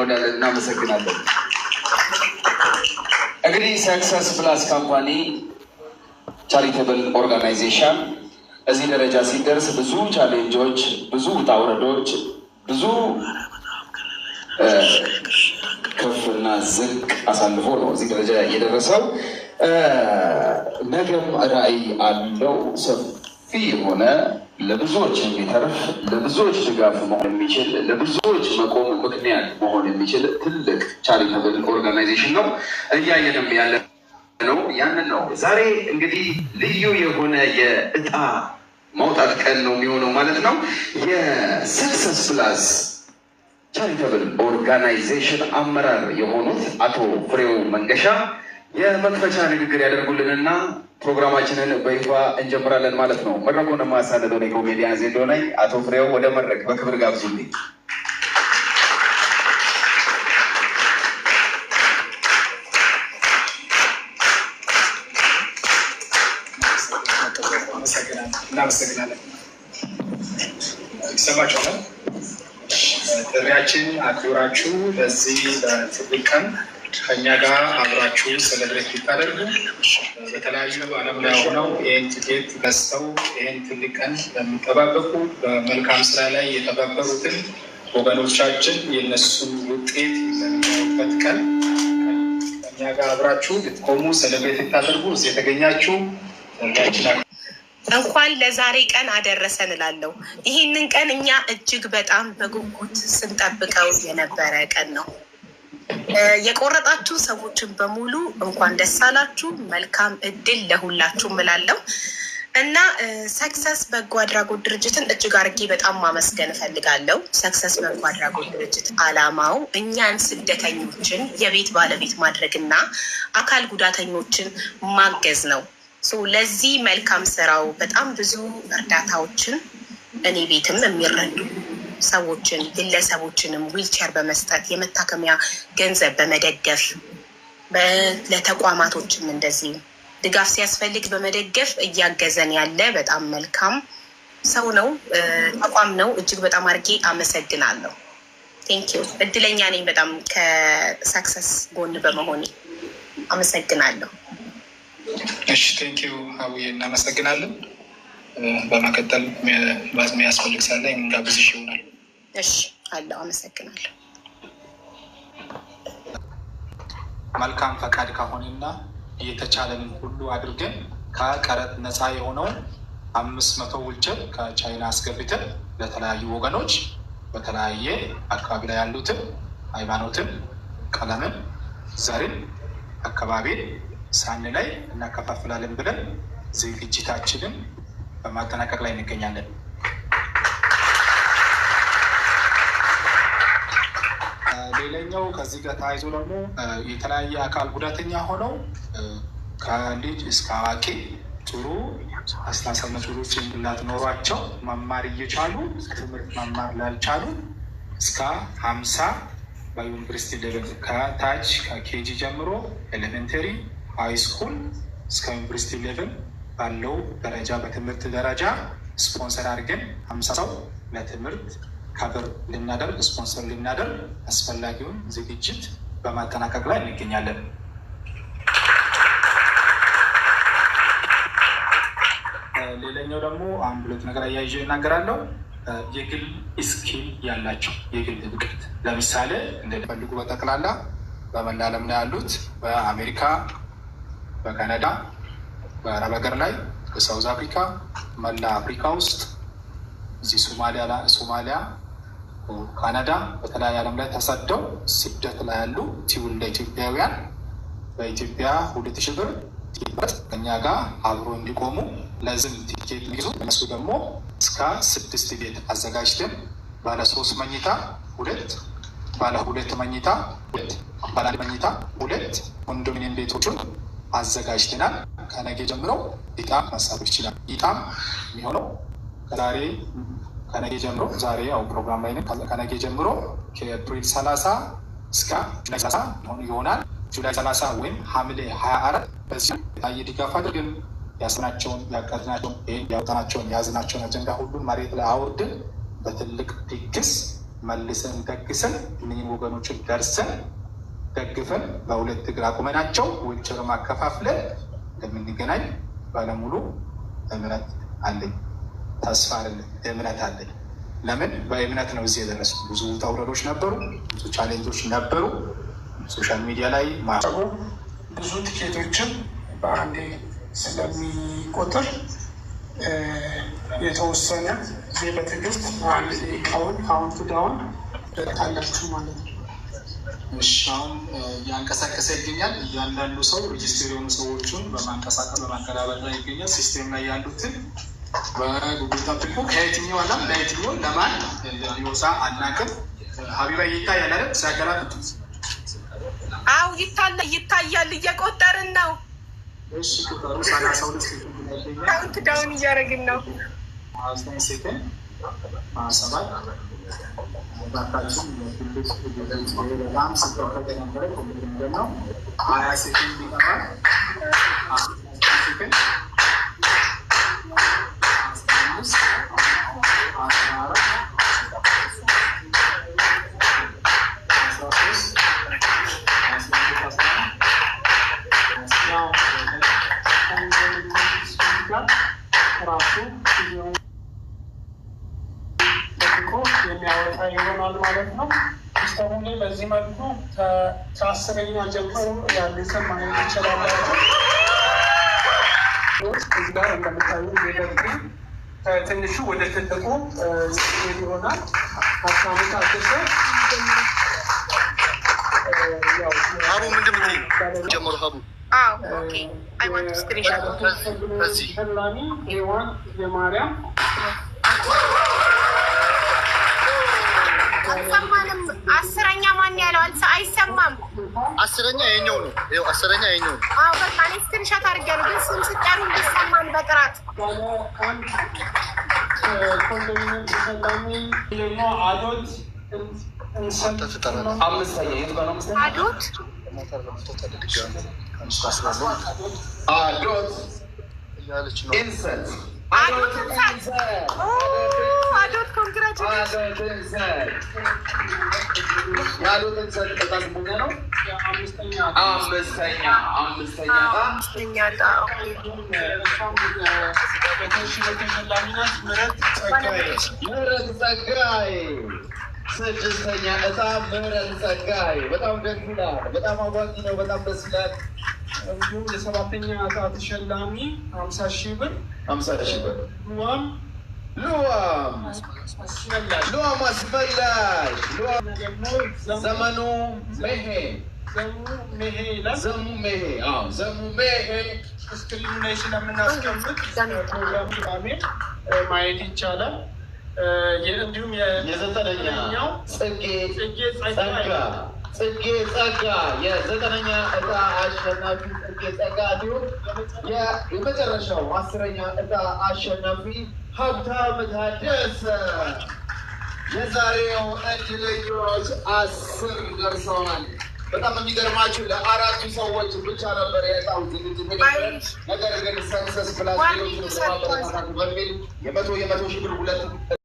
እንወዳለን። እናመሰግናለን። እንግዲህ ሰክሰስ ፕላስ ካምፓኒ ቻሪቴብል ኦርጋናይዜሽን እዚህ ደረጃ ሲደርስ ብዙ ቻሌንጆች፣ ብዙ ውጣ ውረዶች፣ ብዙ ከፍና ዝቅ አሳልፎ ነው እዚህ ደረጃ የደረሰው። ነገም ራዕይ አለው። ሰፊ የሆነ ለብዙዎች የሚተርፍ ለብዙዎች ድጋፍ መሆን የሚችል ለብዙዎች መቆም ምክንያት መሆን የሚችል ትልቅ ቻሪተብል ኦርጋናይዜሽን ነው እያየንም ያለ ነው። ያንን ነው ዛሬ እንግዲህ ልዩ የሆነ የእጣ ማውጣት ቀን ነው የሚሆነው ማለት ነው። የሰክሰስ ፕላስ ቻሪተብል ኦርጋናይዜሽን አመራር የሆኑት አቶ ፍሬው መንገሻ የመክፈቻ ንግግር ያደርጉልንና ፕሮግራማችንን በይፋ እንጀምራለን ማለት ነው። መድረኩን ነው ኮሜዲያን ዜዶ ነኝ። አቶ ፍሬው ወደ መድረክ በክብር ጋብዙልኝ። እናመሰግናለን። ይሰማችኋል? ጥሪያችን አክብራችሁ ለዚህ በትልቅ ቀን ከኛ ጋር አብራችሁ ሰለብሬት ቢታደርጉ በተለያዩ ዓለም ላይ ሆነው ይህን ትኬት ገዝተው ይህን ትልቅ ቀን በሚጠባበቁ በመልካም ስራ ላይ የተባበሩትን ወገኖቻችን የነሱ ውጤት በሚያዩበት ቀን ከኛ ጋር አብራችሁ ልትቆሙ ሰለብሬት ልታደርጉ እዚህ የተገኛችሁ እንኳን ለዛሬ ቀን አደረሰን እላለሁ። ይህንን ቀን እኛ እጅግ በጣም በጉጉት ስንጠብቀው የነበረ ቀን ነው። የቆረጣችሁ ሰዎችን በሙሉ እንኳን ደስ አላችሁ። መልካም እድል ለሁላችሁ እላለሁ እና ሰክሰስ በጎ አድራጎት ድርጅትን እጅግ አድርጌ በጣም ማመስገን እፈልጋለሁ። ሰክሰስ በጎ አድራጎት ድርጅት አላማው እኛን ስደተኞችን የቤት ባለቤት ማድረግና አካል ጉዳተኞችን ማገዝ ነው። ለዚህ መልካም ስራው በጣም ብዙ እርዳታዎችን እኔ ቤትም የሚረዱ ሰዎችን ግለሰቦችንም ዊልቸር በመስጠት የመታከሚያ ገንዘብ በመደገፍ ለተቋማቶችም እንደዚህ ድጋፍ ሲያስፈልግ በመደገፍ እያገዘን ያለ በጣም መልካም ሰው ነው፣ ተቋም ነው። እጅግ በጣም አድርጌ አመሰግናለሁ። ቴንኪዩ። እድለኛ ነኝ በጣም ከሳክሰስ ጎን በመሆን አመሰግናለሁ። እሺ፣ ቴንኪዩ አቡዬ፣ እናመሰግናለን። በመቀጠል የሚያስፈልግ ሳለ እንጋብዝሽ ይሆናል። እሺ አለው። አመሰግናለሁ። መልካም ፈቃድ ከሆነና የተቻለንን ሁሉ አድርገን ከቀረጥ ነፃ የሆነውን አምስት መቶ ውልቸር ከቻይና አስገብተን ለተለያዩ ወገኖች በተለያየ አካባቢ ላይ ያሉትን ሃይማኖትን፣ ቀለምን፣ ዘርን፣ አካባቢን ላይ እናከፋፍላለን ብለን ዝግጅታችንን በማጠናቀቅ ላይ እንገኛለን። ሌላኛው ከዚህ ጋር ታይዞ ደግሞ የተለያየ አካል ጉዳተኛ ሆነው ከልጅ እስከ አዋቂ ጥሩ አስተሳሰብ መቶዶች ላትኖሯቸው መማር እየቻሉ ትምህርት መማር ላልቻሉ እስከ ሀምሳ በዩኒቨርሲቲ ደረጃ ከታች ከኬጂ ጀምሮ ኤሌመንተሪ ሃይ ስኩል እስከ ዩኒቨርሲቲ ሌቭል ባለው ደረጃ በትምህርት ደረጃ ስፖንሰር አድርገን ሀምሳ ሰው ለትምህርት ካቨር ልናደርግ ስፖንሰር ልናደርግ አስፈላጊውን ዝግጅት በማጠናቀቅ ላይ እንገኛለን። ሌላኛው ደግሞ አንድ ሁለት ነገር አያይዞ ይናገራለው የግል ስኪል ያላቸው የግል ብቃት ለምሳሌ እንደፈልጉ በጠቅላላ በመላ ላይ ያሉት። በአሜሪካ፣ በካናዳ፣ በአረብ ሀገር ላይ፣ በሳውዝ አፍሪካ፣ መላ አፍሪካ ውስጥ እዚህ ሶማሊያ፣ ካናዳ በተለያየ ዓለም ላይ ተሰደው ስደት ላይ ያሉ ትውልደ ኢትዮጵያውያን በኢትዮጵያ ሁለት ሺህ ብር በት እኛ ጋር አብሮ እንዲቆሙ ለዝም ቲኬት ሚይዙ እነሱ ደግሞ እስከ ስድስት ቤት አዘጋጅተን ባለ ሶስት መኝታ ሁለት ባለ ሁለት መኝታ ሁለት ባለ አንድ መኝታ ሁለት ኮንዶሚኒየም ቤቶችን አዘጋጅተናል። ከነገ ጀምሮ ኢጣም መሳብ ይችላል። ኢጣም የሚሆነው ዛሬ ከነጌ ጀምሮ ዛሬ ያው ፕሮግራም ላይ ከነጌ ጀምሮ ከኤፕሪል ሰላሳ እስከ ጁላይ ሰላሳ ይሆናል። ጁላይ ሰላሳ ወይም ሐምሌ ሀያ አራት በዚህ የታየ ድጋፍ አድርግን ያስናቸውን ያቀድናቸውን ይህን ያወጣናቸውን የያዝናቸውን አጀንዳ ሁሉን መሬት ላይ አውርድን በትልቅ ድግስ መልሰን ደግሰን እነኝን ወገኖችን ደርሰን ደግፈን በሁለት እግር አቁመናቸው ዊልቸር ማከፋፍለን እንደምንገናኝ ባለሙሉ እምነት አለኝ። ተስፋ አለን፣ እምነት አለን። ለምን በእምነት ነው እዚህ የደረሱ። ብዙ ተውረዶች ነበሩ፣ ብዙ ቻሌንጆች ነበሩ። ሶሻል ሚዲያ ላይ ማጨቡ ብዙ ትኬቶችን በአንዴ ስለሚቆጥር የተወሰነ ጊዜ በትዕግስት አንድ ደቂቃውን ካውንት ዳውን ታላችሁ ማለት ነው። እሻውን እያንቀሳቀሰ ይገኛል። እያንዳንዱ ሰው ሬጅስተር የሆኑ ሰዎቹን በማንቀሳቀስ በማቀላበል ላይ ይገኛል። ሲስቴም ላይ ያሉትን በጉጉል ጠብቁ። ከየትኛው አለም ለየትኛው ለማን እንደሚወሳ አናቅም። ሀቢባ ይታያል አይደል? ሲያገላት አው ይታለ ይታያል። እየቆጠርን ነው። እሺ ቁጠሩ። ሰላሳ ሁለት ካውንት ዳውን እያደረግን ነው። አስታኝ ሴትን ሰባት ባካችን በጣም ስጠቀጠ ነበረ ነው ሀያ ሴትን ቢቀባል መስራት ራሱ ጊዜውን የሚያወጣ ይሆናል ማለት ነው። ሲስተሙ ላይ በዚህ መልኩ ከአስረኛ ጀምሮ ያሉትን ማየት ይችላላቸው። እዚህ ጋር እንደምታዩ ዜደርግ ከትንሹ ወደ ትልቁ ይሆናል አሳሙት አድሰ ሀቡ ምንድን ጀምሮ ሀቡ ተሰላሚ አስረኛ ማን ያለው አይሰማም። አስረኛ የእኛው ነው። ይኸው አስረኛ የእኛው ነው። አዎ በቃ እኔ እስክሪንሻት አድርጌያለሁ፣ ግን ስም ስጠሩ እንዲሰማን በቅራት አዶት አዶት ኢንሰት አዶት ኢንሰት አዶት ኮንግራቹሌሽን አዶት ኢንሰት በጣም ብዙ ነው። አምስተኛ አምስተኛ አምስተኛ ዕጣ ተሸላሚ ናት። ምህረት ጸጋዬ ምህረት ጸጋዬ ስድስተኛ እጣ ምህረት ጸጋይ በጣም ደስ ይላል። በጣም አጓጊ ነው። በጣም ደስ ይላል። እንዲሁም የሰባተኛ እጣ ተሸላሚ ሀምሳ ሺህ ብር ሀምሳ ሺህ ብር ሉዋም ሉዋም ሉዋም አስመላሽ ሉዋም ደግሞ ዘመኑ መሄ ዘሙ መሄ ዘሙ መሄ ስክሪኑ ላይ ስለምናስቀምጥ ፕሮግራም ማየት ይቻላል። እንዲሁም የዘጠነኛው ጽጌ ጸጋ ጽጌ ጸጋ የዘጠነኛ እጣ አሸናፊ ጽጌ ጸጋ እንዲሁም የመጨረሻው አስረኛ እጣ አሸናፊ ሀብታም ታደሰ። የዛሬው እድለኞች አስር ደርሰዋል። በጣም የሚገርማችሁ ለአራቱ ሰዎች ብቻ ነበር የዕጣው ዝግጅት ነገር ግን ሰክሰስ ፕላስ ሌሎች በሚል የመቶ የመቶ ሺህ ብር ሁለት